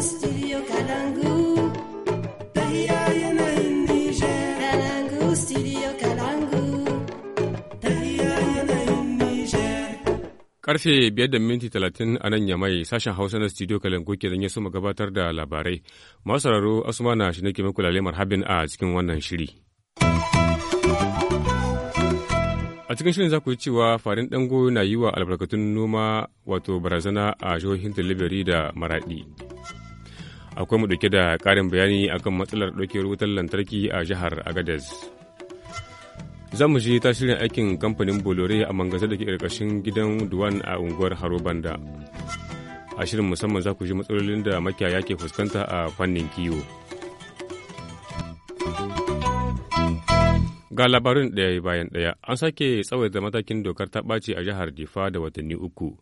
studio Kalangu. Karfe biyar da minti talatin a nan Yamai sashen Hausa na studio Kalangu ke ya suma gabatar da labarai. Masu sauraro Asuma na shi nake muku lalemar habin a cikin wannan shiri. cikin shirin za ku yi cewa farin dango na yi wa albarkatun noma wato barazana a jihohin Delivery da Maradi. Akwai mu dauke da karin bayani akan matsalar ɗaukewar wutar lantarki a jihar Agadez. Za mu ji tasirin aikin kamfanin Bolore a mangaza da ke ƙarƙashin gidan Duwan a unguwar Harobanda. A shirin musamman za ku ji matsalolin da makiyaya ke fuskanta a fannin kiwo. Ga labarin ɗaya bayan ɗaya, an sake tsawaita matakin dokar ta ɓaci a jihar Difa da watanni uku.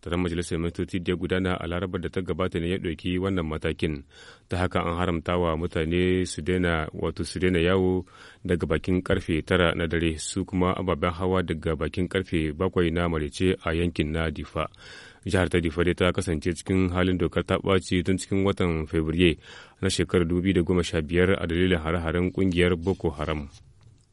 Taron majalisar ministoci da gudana a larabar da ta gabata ne ya ɗauki wannan matakin. Ta haka an haramta wa mutane su daina wato su daina yawo daga bakin karfe tara na dare su kuma ababen hawa daga bakin karfe bakwai na marice a yankin na Difa. jihar ta difa dai ta kasance cikin halin dokar ta ɓaci tun cikin watan fabrairu na shekarar 2015 a dalilin hare-haren kungiyar boko haram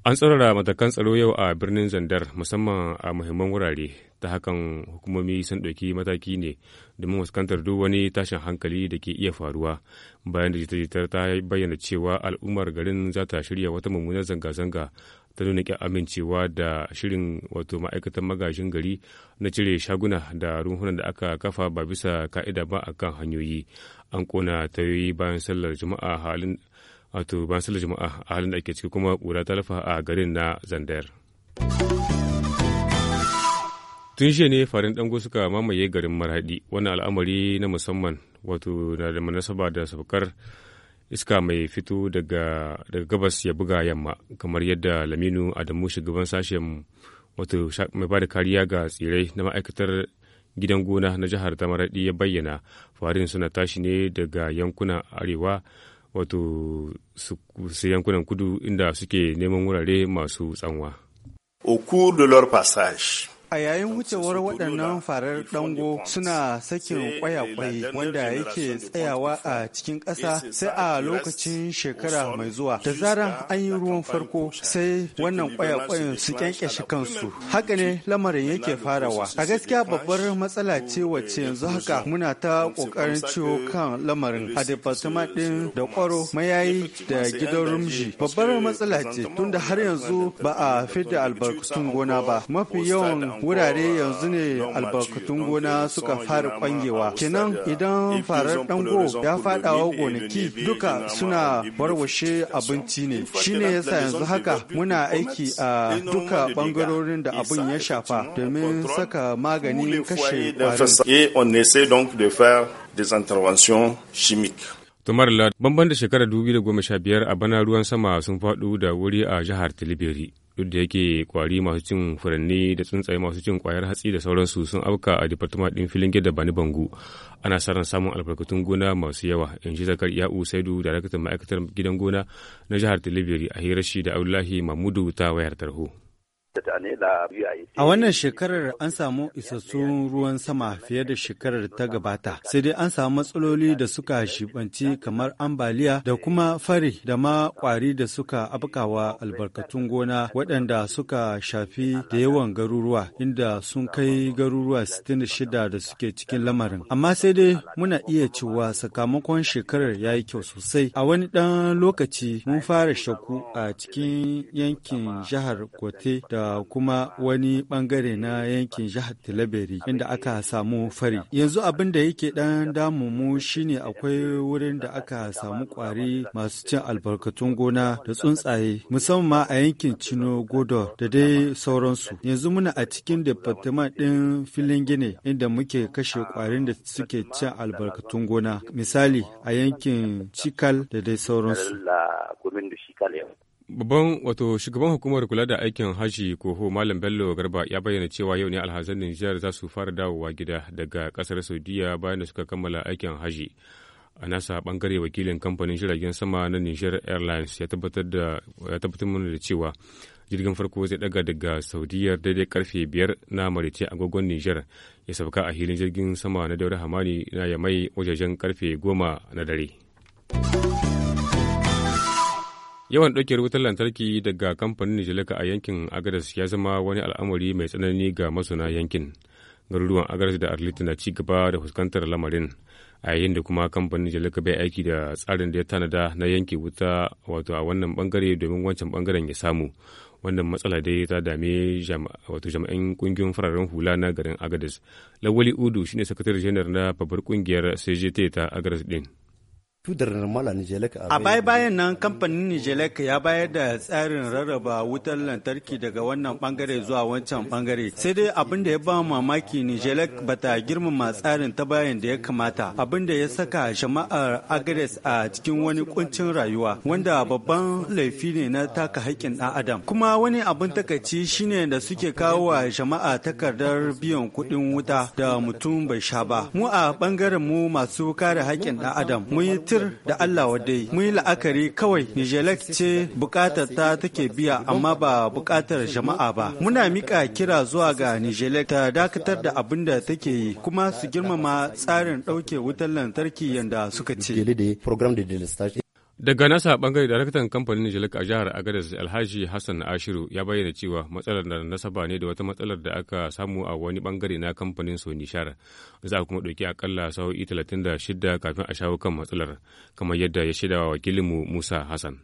An tsarara matakan tsaro yau a birnin Zandar musamman a muhimman wurare ta hakan hukumomi sun ɗauki mataki ne domin fuskantar duk wani tashin hankali da ke iya faruwa bayan da jita-jitar ta bayyana cewa al'ummar garin za ta shirya wata mummunar zanga-zanga ta nuna ƙin amincewa da shirin wato ma'aikatan magajin gari na cire shaguna da runhunan da aka kafa ba bisa ka'ida ba a kan hanyoyi an ƙona tayoyi bayan sallar juma'a halin wato bayan sallar juma'a a halin da ake ciki kuma kura ta lafa a garin na zandar tun shi ne farin dango suka mamaye garin marhaɗi wani al'amari na musamman wato na da manasaba da saukar iska mai fito daga gabas ya buga yamma kamar yadda laminu adamu shugaban sashen wato mai bada kariya ga tsirai na ma'aikatar gidan gona na jihar ta maraɗi ya bayyana farin suna tashi ne daga yankunan arewa wato su yankunan kudu inda suke neman wurare masu tsanwa. Au cours de leur passage, A yayin wucewar waɗannan farar ɗango suna sakin kwayakwai wanda yake tsayawa a cikin ƙasa sai a lokacin shekara mai zuwa. Da zaran an yi ruwan farko sai wannan kwayakwayin su kyankyashe kansu. Haka ne lamarin yake farawa. A gaskiya babbar matsala ce wacce yanzu haka muna ta ƙoƙarin ciwo kan lamarin. A departament ɗin da ƙwaro mayayi da gidan rumji. Babbar matsala ce tunda har yanzu ba a fidda albarkatun gona ba. Mafi yawan wurare yanzu ne albarkatun gona suka fara kwangewa kenan idan farar dango ya fadawa gonaki duka suna barwashe abinci ne shi shine yasa yanzu haka muna aiki a duka bangarorin da abin ya shafa domin saka maganin kashe kwarin Tumar Lad, bamban da shekarar 2015 a bana ruwan sama sun faɗo da wuri a jihar Tilibiri. duk da yake kwari masu cin furanni da tsuntsaye masu cin kwayar hatsi da sauransu sun auka a departament din filin gida bani bangu ana sa samun albarkatun gona masu yawa in ji zakar ya'u saidu da rakatar ma'aikatar gidan gona na jihar talibiri a hirar shi da abdullahi mahmudu ta wayar tarho A wannan shekarar an samu isassun ruwan sama fiye da shekarar ta gabata, sai dai an samu matsaloli da suka shibanci kamar ambaliya da kuma fari da ma kwari da suka abkawa albarkatun gona waɗanda suka shafi da yawan garuruwa inda sun kai garuruwa 66 da suke cikin lamarin. Amma sai dai muna iya cewa sakamakon shekarar ya yi kyau sosai. A wani ɗan lokaci mun fara shakku a cikin yankin jihar Kote da kuma wani bangare na yankin jihar Tilaberi inda aka samu fari. Yanzu abin da yake dan damu mu shine akwai wurin da aka samu kwari masu cin albarkatun gona da tsuntsaye musamman a yankin Cinogodo Godo da dai sauransu. Yanzu muna a cikin department ɗin filin gine inda muke kashe kwarin da suke cin albarkatun gona misali a yankin Cikal da dai sauransu. Babban wato shugaban hukumar kula da aikin hajji koho Malam Bello Garba ya bayyana cewa yau ne alhazan Nijar za su fara dawowa gida daga kasar Saudiya bayan da suka kammala aikin hajji. A nasa bangare wakilin kamfanin jiragen sama na Nijar Airlines ya tabbatar mana da cewa jirgin farko zai daga daga Saudiya daidai karfe biyar na marice agogon Nijar ya sauka a hilin jirgin sama na Daura Hamani na Yamai wajajen karfe goma na dare. Yawan ɗauke wutar lantarki daga kamfanin Nijilaka a yankin Agadas ya zama wani al'amari mai tsanani ga masana yankin. Garuruwan Agadas da Arlita na ci gaba da fuskantar lamarin a yayin da kuma kamfanin Nijilaka bai aiki da tsarin da ya tanada na yanke wuta wato a wannan bangare domin wancan bangaren ya samu. Wannan matsala dai ta dame wato jami'an kungiyoyin fararen hula na garin Agadas. Lawali Udu shine sakatare janar na babbar kungiyar CGT ta Agadas din. A baya-bayan nan kamfanin Nijelek ya bayar da tsarin rarraba wutar lantarki daga wannan bangare zuwa wancan bangare. Sai dai abin da ya ba mamaki Nijelek bata girmama tsarin ta bayan da ya kamata. Abin da ya saka jama'ar Agres a cikin wani kuncin rayuwa wanda babban laifi ne na taka haƙƙin ɗan adam. Kuma wani abin takaici shine da suke kawo wa jama'a takardar biyan kuɗin wuta da mutum bai sha ba. Mu a bangaren mu masu kare haƙƙin ɗan adam mun yi Misir da Allah wadai mun yi la'akari kawai Nijelek ce bukatar ta take biya amma ba bukatar jama'a ba. Muna mika kira zuwa ga Nijelek ta dakatar da abin da take yi kuma su girmama tsarin ɗauke wutar lantarki yadda suka ce. Daga nasa bangare daraktan kamfanin Nijilik a jihar Agadez Alhaji Hassan Ashiru ya bayyana cewa matsalar na nasaba ne da wata matsalar da aka samu a wani bangare na kamfanin Sonishar. Za a kuma ɗauki akalla sau'i 36 kafin a shawo kan matsalar, kamar yadda ya shaidawa wa wakilinmu Musa Hassan.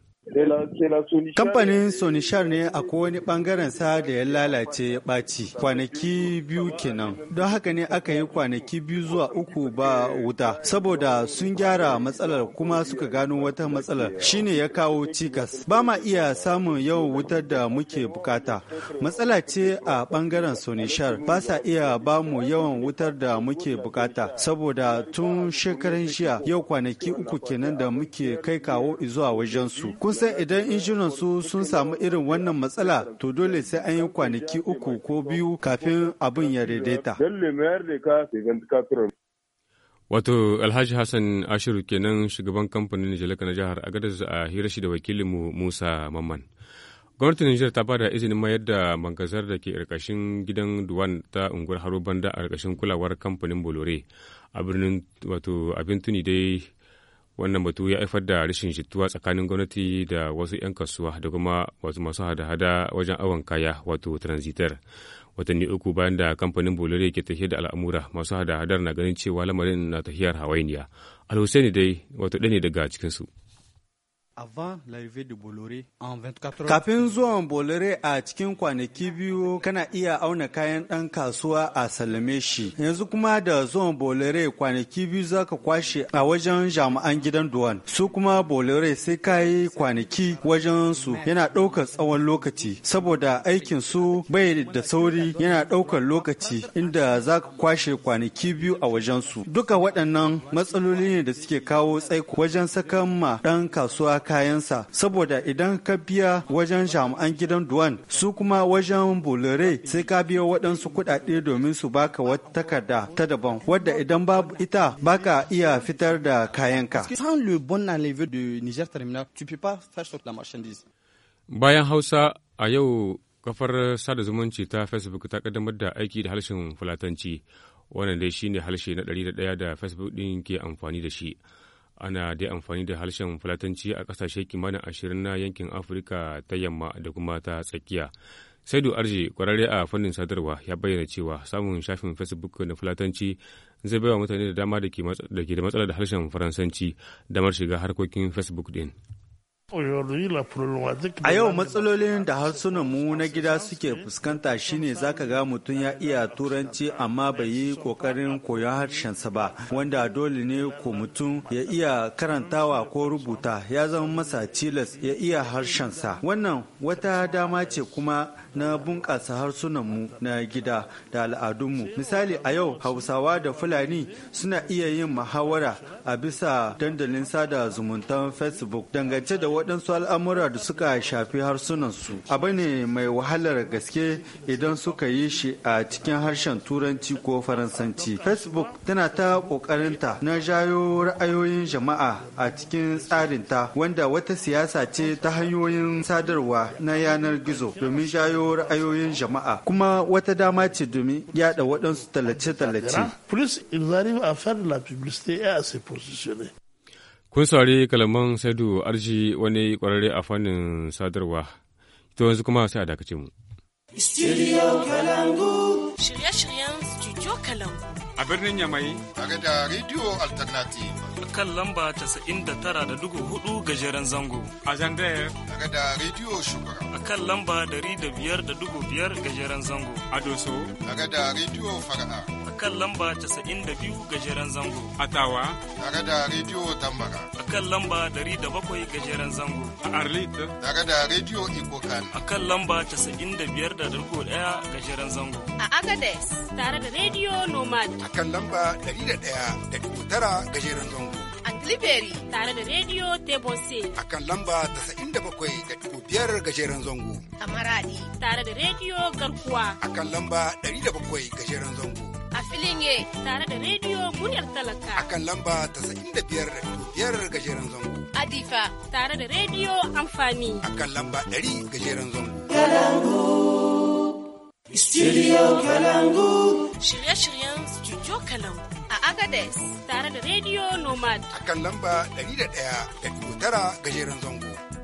Kamfanin Sonishar ne a wani bangaren sa da ya lalace ya ɓaci kwanaki biyu kenan. Don haka ne aka yi kwanaki biyu zuwa uku ba wuta. Saboda sun gyara matsalar kuma suka gano wata matsalar shine ya kawo cikas. Ba ma iya samun yawan wutar da muke bukata. Matsala ce a bangaren Sonishar ba sa iya ba mu yawan wutar da muke bukata. Saboda tun shekaran jiya yau kwanaki uku kenan da muke kai kawo zuwa wajen wajensu. kusan idan injunan su sun samu irin wannan matsala to dole sai an yi kwanaki uku ko biyu kafin abin ya daidaita. Wato Alhaji Hassan Ashiru kenan shugaban kamfanin Jalaka na jihar Agadez a hira shi da wakilinmu Musa Mamman. Gwamnatin Nijar ta bada izinin mayar da bankazar da ke ƙarƙashin gidan Duwan ta unguwar Haro Banda a ƙarƙashin kulawar kamfanin Bolore a birnin wato abin tuni dai wannan batu ya haifar da rashin jituwa tsakanin gwamnati da wasu 'yan kasuwa da kuma wasu masu hada-hada wajen awon kaya wato transitor watanni uku bayan da kamfanin bolore ke tafiye da al'amura masu hada-hadar na ganin cewa lamarin na tafiyar hawainiya alhussaini dai wato ɗani daga cikinsu Kafin zuwan Bolore a cikin kwanaki biyu kana iya auna kayan ɗan kasuwa a salame shi. Yanzu kuma da zuwan Bolore kwanaki biyu za ka kwashe a wajen jami'an gidan Duwan. Su kuma Bolore sai ka yi kwanaki wajen su yana ɗaukar tsawon lokaci. Saboda aikin su bai da sauri yana ɗaukar lokaci inda za ka kwashe kwanaki biyu a wajen su. Duka waɗannan matsaloli ne da suke kawo tsaiko wajen sakan ma ɗan kasuwa kayansa saboda idan ka biya wajen jami'an gidan duwan su kuma wajen bulare sai ka biya waɗansu kuɗaɗe domin su baka wata takarda ta daban wadda idan babu ita baka iya fitar da kayanka. Sans le bon de Bayan Hausa a yau kafar sada zumunci ta Facebook ta kaddamar da aiki da harshen Fulatanci. Wannan dai shine harshe na ɗari da ɗaya da Facebook ɗin ke amfani da shi. ana dai amfani da harshen fulatanci a ƙasashe kimanin ashirin na yankin afirka ta yamma da kuma ta tsakiya saidu arje kwararre a fannin sadarwa ya bayyana cewa samun shafin facebook na fulatanci zai baiwa mutane da dama da ke da matsalar harshen faransanci damar shiga harkokin facebook din. A yau matsalolin da harsunanmu na gida suke fuskanta shine zaka ga mutum ya iya turanci amma bai yi kokarin koyon harshensa ba wanda dole ne ko mutum ya iya karantawa ko rubuta ya zama masa tilas ya iya harshensa. Wannan wata dama ce kuma na bunƙasa harsunanmu na gida da al'adunmu. Misali a yau Hausawa da Fulani suna iya yin muhawara a bisa dandalin sada zumuntan Facebook dangance da waɗansu al'amura da suka shafi harsunansu abu ne mai wahalar gaske idan suka yi shi a cikin harshen turanci ko faransanci facebook tana ta ƙoƙarinta na jayo ra'ayoyin jama'a a cikin tsarinta wanda wata siyasa ce ta hanyoyin sadarwa na yanar gizo domin jayo ra'ayoyin jama'a kuma wata dama ce domin yada waɗansu tallace-tallace Kun saurari kalaman Saidu Arji wani kwararre a fannin sadarwa. To yanzu kuma sai a dakace mu. Studio Kalangu. Shirye-shiryen Studio Kalangu. A birnin Yamai. Tare da Radio Alternative. Kan lamba 99.4 gajeren zango. A Zandaya. Tare da Radio Shugaba. A kan lamba 105.5 gajeren zango. A Doso. Tare da Radio Fara'a. kan lamba 92 gajeren zango. A Tawa. Tare da Rediyo Tambara. A kan lamba 107 gajeren zango. A Arlita. Daga da Rediyo Ikokan. A kan lamba 95.1 gajeren zango. A Agades. Tare da Rediyo Nomad. A kan lamba 101.9 gajeren zango. A Tilibiri. Tare da Rediyo Tebose. A kan lamba 97.5 gajeren zango. A Maradi. Tare da Rediyo Garkuwa. A kan lamba 107 gajeren zango. filinge tare da rediyo muryar talaka. A kan lamba ta da biyar da biyar gajeren zango. Adifa tare da rediyo amfani. A kan lamba ɗari gajeren zango. Kalangu. Studio Kalangu. Shirye-shiryen Studio galangu A Agades tare da rediyo Nomad. A kan lamba ɗari da ɗaya da tara gajeren zango.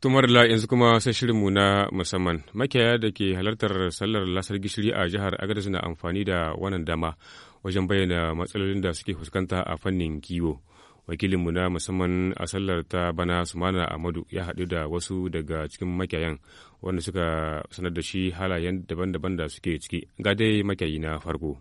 Tumar la yanzu kuma sai shirinmu na musamman. Makiyaya da ke halartar sallar lasar gishiri a jihar Agadez suna amfani da wannan dama wajen bayyana matsalolin da suke fuskanta a fannin kiwo. Wakilinmu na musamman a sallar ta bana Sumana Amadu ya haɗu da wasu daga cikin makiyayan wanda suka sanar da shi halayen daban-daban da suke ciki. Ga makiyayi na farko.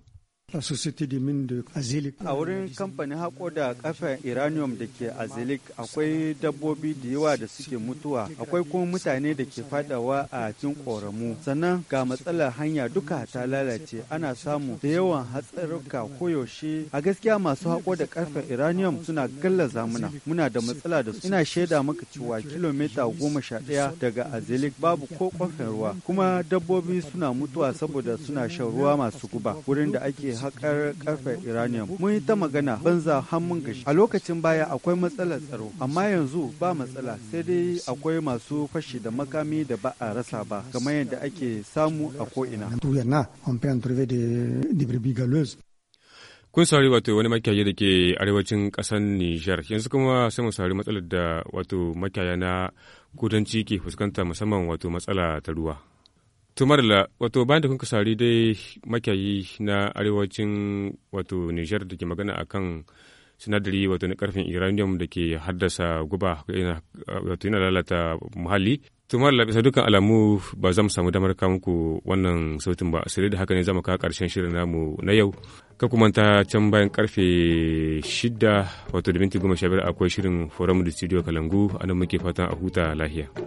a society min de azilik A wurin kamfanin hako da kafa uranium da ke azilik akwai dabbobi da yawa da suke mutuwa, akwai kuma mutane da ke fadawa a cikin koramu. Sannan ga matsalar hanya duka ta lalace ana samu da yawan hatsarurruka koyaushe. A gaskiya masu hako da kafa uranium suna galla zamuna. Muna da matsala da su. Ina shaida maka cewa kilomita goma sha ɗaya daga azilik babu ko kwafin ruwa. Kuma dabbobi suna mutuwa saboda suna shan ruwa masu guba wurin da ake haƙar ƙarfe iranium mun yi ta magana banza hannun gashi a lokacin baya akwai matsalar tsaro amma yanzu ba matsala sai dai akwai masu fashi da makami da ba a rasa ba kamar yadda ake samu a ko'ina kun saurari wato wani makiyayi da ke arewacin kasar Nijar yanzu kuma sai mu saurari matsalar da wato makiyaya na kudanci ke fuskanta musamman wato matsala ta ruwa. tumarla wato bayan da kuka sari dai makiyayi na arewacin wato nijar da ke magana akan sinadari wato na karfin iranium da ke haddasa guba wato yana lalata muhalli tumarla bisa dukkan alamu ba za mu samu damar kawo muku wannan sautin ba sai da haka ne zama mu kawo karshen shirin namu na yau ka kuma ta can bayan karfe shida wato da minti goma sha biyar akwai shirin forum da studio kalangu anan muke fatan a huta lahiya